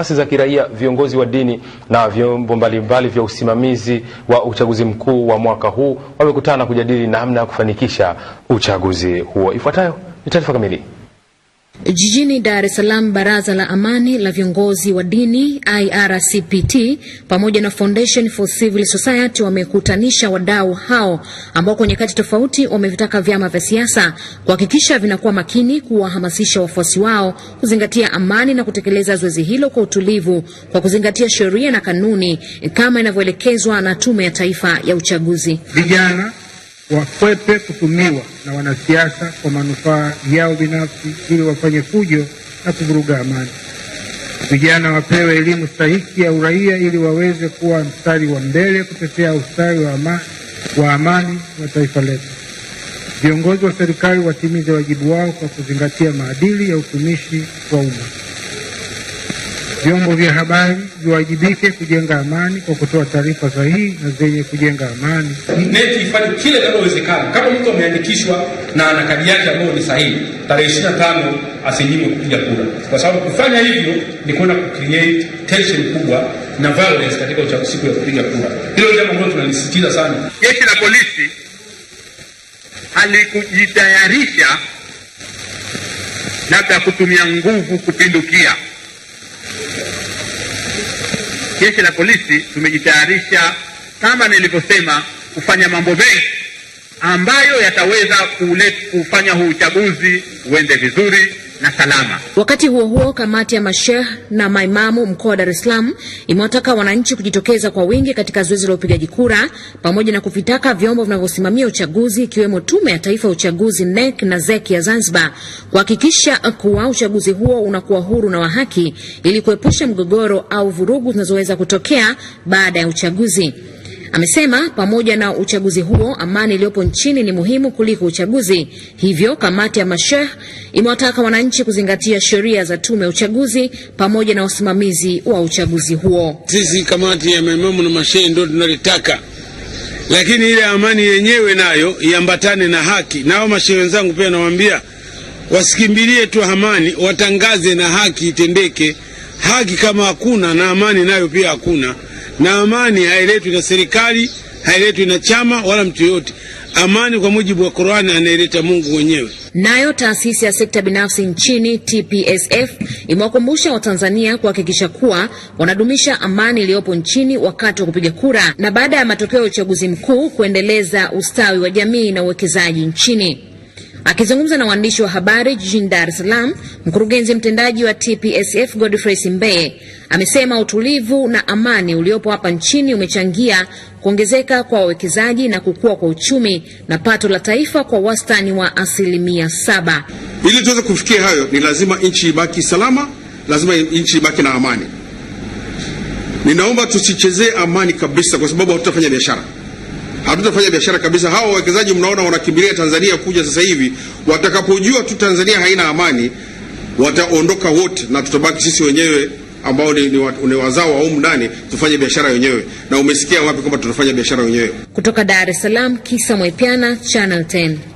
Asasi za kiraia, viongozi wa dini na vyombo mbalimbali vya usimamizi wa uchaguzi mkuu wa mwaka huu wamekutana kujadili namna ya kufanikisha uchaguzi huo. Ifuatayo ni taarifa kamili. Jijini Dar es Salaam, Baraza la Amani la Viongozi wa Dini IRCPT pamoja na Foundation for Civil Society wamekutanisha wadau hao ambao kwa nyakati tofauti wamevitaka vyama vya siasa kuhakikisha vinakuwa makini kuwahamasisha wafuasi wao kuzingatia amani na kutekeleza zoezi hilo kwa utulivu kwa kuzingatia sheria na kanuni kama inavyoelekezwa na Tume ya Taifa ya Uchaguzi. Vijana wakwepe kutumiwa na wanasiasa kwa manufaa yao binafsi ili wafanye fujo na kuvuruga amani. Vijana wapewe elimu stahiki ya uraia ili waweze kuwa mstari wa mbele kutetea ustawi wa amani, wa amani wa taifa letu. Viongozi wa serikali watimize wajibu wao kwa kuzingatia maadili ya utumishi wa umma. Vyombo vya habari viwajibike kujenga amani kwa kutoa taarifa sahihi na zenye kujenga amani. Neti ifanye kile kinachowezekana. Kama mtu ameandikishwa na ana kadi yake ambayo ni sahihi, tarehe ishirini na tano asinyimwe kupiga kura, kwa sababu kufanya hivyo ni kwenda kucreate tension kubwa na violence katika uchaguzi siku ya kupiga kura. Hilo jambo ambalo tunalisisitiza sana. Jeshi la polisi halikujitayarisha labda kutumia nguvu kupindukia Jeshi la Polisi tumejitayarisha kama nilivyosema, kufanya mambo mengi ambayo yataweza kufanya huu uchaguzi uende vizuri na salama. Wakati huo huo, kamati ya masheh na maimamu mkoa wa Dar es Salaam imewataka wananchi kujitokeza kwa wingi katika zoezi la upigaji kura pamoja na kuvitaka vyombo vinavyosimamia uchaguzi ikiwemo Tume ya Taifa ya Uchaguzi NEC na ZEC ya Zanzibar kuhakikisha kuwa uchaguzi huo unakuwa huru na wa haki ili kuepusha mgogoro au vurugu zinazoweza kutokea baada ya uchaguzi. Amesema pamoja na uchaguzi huo, amani iliyopo nchini ni muhimu kuliko uchaguzi. Hivyo kamati ya masheh imewataka wananchi kuzingatia sheria za tume ya uchaguzi pamoja na usimamizi wa uchaguzi huo. Sisi kamati ya maimamu na mashehe ndio tunalitaka, lakini ile amani yenyewe nayo iambatane na haki. Nao mashehe wenzangu pia nawaambia wasikimbilie tu amani, watangaze na haki itendeke. Haki kama hakuna na amani nayo pia hakuna na amani haileti na serikali, haileti na chama wala mtu yoyote. Amani kwa mujibu wa Qur'ani anaileta Mungu mwenyewe. Nayo taasisi ya sekta binafsi nchini TPSF imewakumbusha Watanzania kuhakikisha kuwa wanadumisha amani iliyopo nchini wakati wa kupiga kura na baada ya matokeo ya uchaguzi mkuu kuendeleza ustawi wa jamii na uwekezaji nchini. Akizungumza na waandishi wa habari jijini Dar es Salaam, mkurugenzi mtendaji wa TPSF Godfrey Simbeye amesema utulivu na amani uliopo hapa nchini umechangia kuongezeka kwa wawekezaji na kukua kwa uchumi na pato la taifa kwa wastani wa asilimia saba. Ili tuweze kufikia hayo, ni lazima nchi ibaki salama, lazima nchi ibaki na amani. Ninaomba tusichezee amani kabisa, kwa sababu hatutafanya biashara hatutafanya biashara kabisa. Hawa wawekezaji mnaona wanakimbilia Tanzania kuja sasa hivi, watakapojua tu Tanzania haina amani wataondoka wote, na tutabaki sisi wenyewe ambao ni, ni, ni wazao wa humu ndani tufanye biashara wenyewe. Na umesikia wapi kwamba tunafanya biashara wenyewe? Kutoka Dar es Salaam, Kisa Mwaipiana, Channel 10.